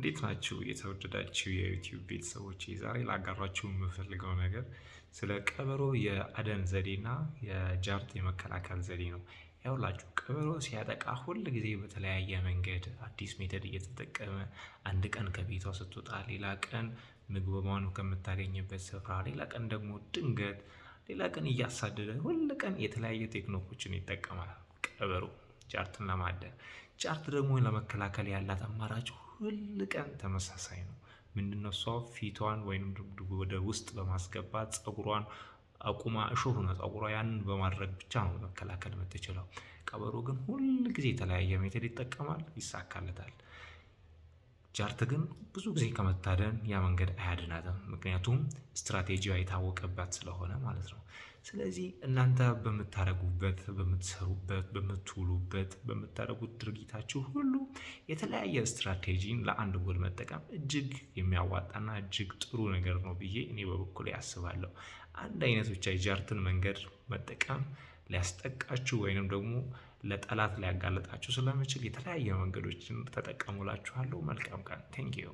እንዴት ናችሁ የተወደዳችሁ የዩቲዩብ ቤተሰቦች? ዛሬ ላጋራችሁ የምፈልገው ነገር ስለ ቀበሮ የአደን ዘዴና የጃርት የመከላከል ዘዴ ነው። ያውላችሁ ቀበሮ ሲያጠቃ ሁል ጊዜ በተለያየ መንገድ አዲስ ሜተድ እየተጠቀመ አንድ ቀን ከቤቷ ስትወጣ፣ ሌላ ቀን ምግብ ከምታገኝበት ስፍራ፣ ሌላ ቀን ደግሞ ድንገት፣ ሌላ ቀን እያሳደደ፣ ሁል ቀን የተለያየ ቴክኖኮችን ይጠቀማል ቀበሮ ቻርትን ለማደን ቻርት ደግሞ ለመከላከል ያላት አማራጭ ሁል ቀን ተመሳሳይ ነው። ምንድነው? እሷ ፊቷን ወይም ወደ ውስጥ በማስገባት ፀጉሯን አቁማ እሾህ ነው ፀጉሯ። ያንን በማድረግ ብቻ ነው መከላከል የምትችለው። ቀበሮ ግን ሁል ጊዜ የተለያየ ሜተድ ይጠቀማል፣ ይሳካለታል። ጃርት ግን ብዙ ጊዜ ከመታደን ያ መንገድ አያድናትም። ምክንያቱም ስትራቴጂዋ የታወቀባት ስለሆነ ማለት ነው። ስለዚህ እናንተ በምታደረጉበት፣ በምትሰሩበት፣ በምትውሉበት፣ በምታደረጉት ድርጊታችሁ ሁሉ የተለያየ ስትራቴጂን ለአንድ ጎል መጠቀም እጅግ የሚያዋጣና እጅግ ጥሩ ነገር ነው ብዬ እኔ በበኩሌ ያስባለሁ። አንድ አይነት ብቻ የጃርትን መንገድ መጠቀም ሊያስጠቃችሁ ወይንም ደግሞ ለጠላት ሊያጋልጣችሁ ስለሚችል የተለያየ መንገዶችን ተጠቀሙላችኋለሁ። መልካም ቀን ቴንኪዩ